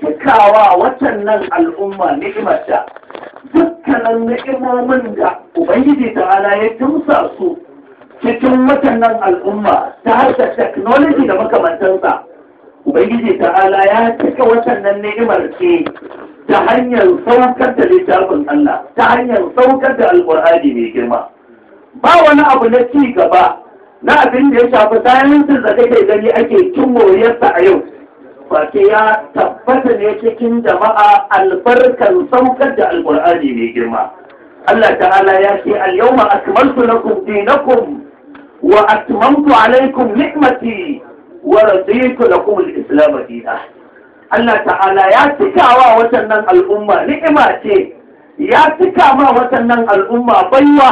cikawa watannan al'umma ni'imarta dukkanin ni'imomin da ubangiji ta'ala ya tumsa su cikin watannan al'umma ta harkar technology da makamantansa ubangiji ta'ala ya cika watannan ni'imar ke ta hanyar saukar da littafin Allah ta hanyar saukar da alƙur'ani mai girma ba wani abu na ci gaba na abin da ya shafi sayansin da kake gani ake cin moriyarsa a yau ba ya tabbata ne cikin jama'a albarkar saukar da alkur'ani mai girma Allah ta'ala ya ce al-yawma akmaltu lakum dinakum wa atmamtu alaykum ni'mati wa raditu lakum al-islam dina Allah ta'ala ya cikawa watannan al'umma ni'ima ce ya cika ma watannan al'umma baiwa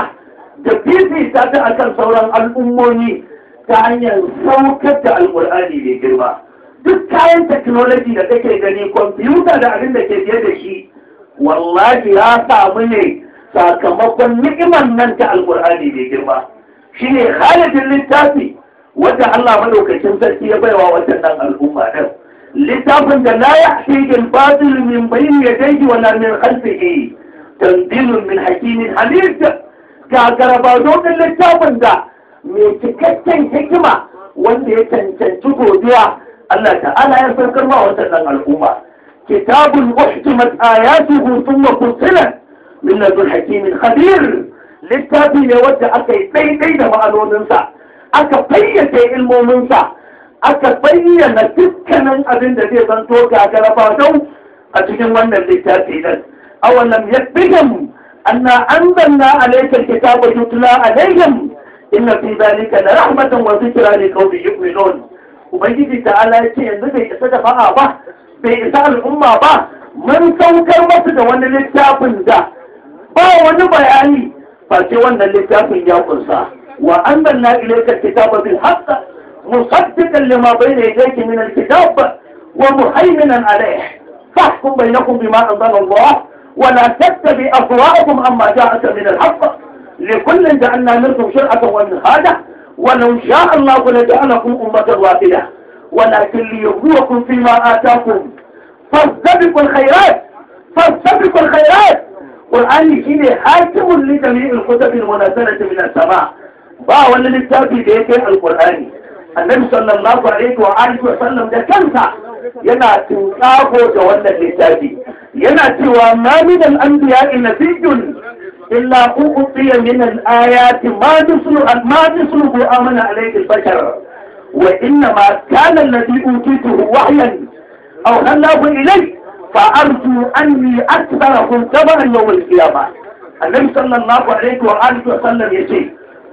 da fifita ta akan sauran al'ummomi ta hanyar saukar da alkur'ani mai girma duk kayan technology da take gani kwamfuta da abin da ke fiye da shi wallahi ya samu ne sakamakon ni'imar nan ta alkur'ani mai girma Shi ne halifin littafi wata Allah madaukakin sarki ya baiwa nan al'umma din littafin da la ya'tihi al-batil min bayni yadayhi wala min khalfihi tanzilun min hakimin hamid ga garabazo din littafin da mai cikakken hikima wanda ya cancanci godiya ألاك أنا يسألك الله وتعلم الأمة كتاب محتمت آياته ثم قصلا من لدو الحكيم الخبير للتابي يود أكا يتبين بين ما أنو ننسى أكا بيك إلم ننسى أكا بيك تبكى من أبن الذي ينطوك أكلا فاتو أتجن ون للتابي أو لم يتبهم أن أنزلنا عليك الكتاب يتلى عليهم إن في ذلك لرحمة وذكرى لقوم يؤمنون ubangiji ta ala ya yanzu bai isa da fa'a ba bai isa al'umma ba mun saukar masu da wani littafin da ba wani bayani ba ce wannan littafin ya kunsa wa anzalna ilayka kitaba bil haqq musaddiqan lima bayna yadayka min al-kitab wa muhaiminan alayh fahkum bainakum bima anzala Allah wa la tattabi'u ahwa'akum amma عما min al haqq لكل جعلنا منكم شرعة ومنهاجا ولو شاء الله لجعلكم أمة واحدة ولكن ليبلوكم فيما آتاكم فاستبقوا الخيرات فاستبقوا الخيرات والآن قرآن الشيء حاكم لجميع الكتب المنزلة من السماء باو الذي تابي ديك القرآن النبي صلى الله عليه وآله وسلم ده كنسا ينا تنقافو جوانا لتابي ينا توامى من الأنبياء نسيج illa uqtiya min al-ayati ma mislu ma mislu amana alayhi al-bashar wa inna ma kana alladhi utituhu wahyan aw khallahu ilayhi فأرجو أني أكثرهم تبعا يوم القيامة النبي صلى الله عليه وآله وسلم يقول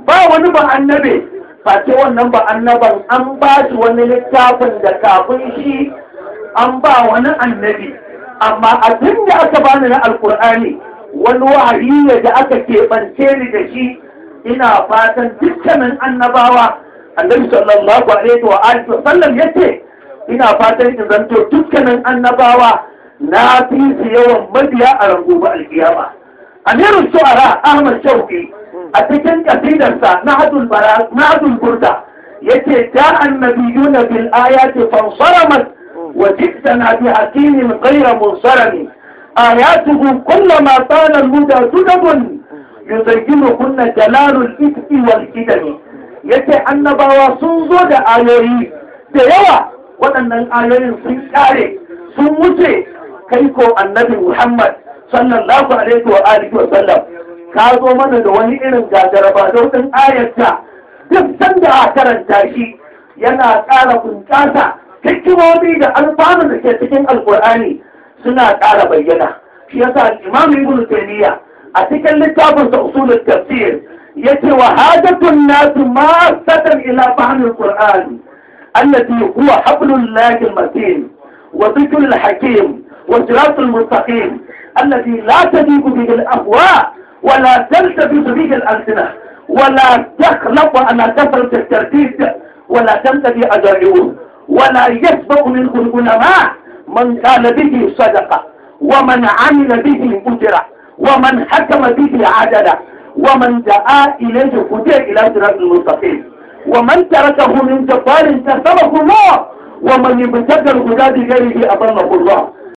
ba wani ba Annabi annabe face wannan ba annaban an ba shi wani littafin da kafin shi an ba wani annabi amma abin da aka bani na alkur'ani wani wahayi da aka keɓance ni da shi ina fatan dukkanin annabawa annabi sallallahu alaihi wa alihi wasallam yace ina fatan in zanto dukkanin annabawa na fi su yawan mabiya a rango ba alkiyama amirul shu'ara ahmad shauki a cikin kasidarsa na hadul bara na hadul burda yace da annabiyuna bil ayati fansaramat wa jittana bi hakimin ghayra munsarami آياته كلما طال المدى سنب يزين كنا جلال الإفك والكدم yace annabawa sun zo da ayoyi da yawa waɗannan ayoyin sun ƙare sun wuce kai ko annabi Muhammad sallallahu alaihi wa alihi wa sallam ka zo mana da wani irin gagaraba da wutan ayarta duk sanda a karanta shi yana ƙara bunƙasa hikimomi da alfanu da ke cikin alƙur'ani suna ƙara bayyana shi yasa imam ibnu taymiya a cikin littafin sa usul tafsir yace wa hadatun nas ma satan ila fahmi al-qur'an allati huwa hablul lahi al-matin wa dhikr al-hakim wa sirat al-mustaqim الذي لا تذيب به الأهواء ولا تلتبس به الألسنة ولا تخلق على كثرة الترتيب ولا تنتهي أجائبه ولا يسبق منه العلماء من كان به صدقة ومن عمل به أجرة ومن حكم به عدلا ومن دعا إليه هدي إلى صراط المستقيم ومن تركه من جبار كسبه الله ومن ابتدى الهدى بغيره أضله الله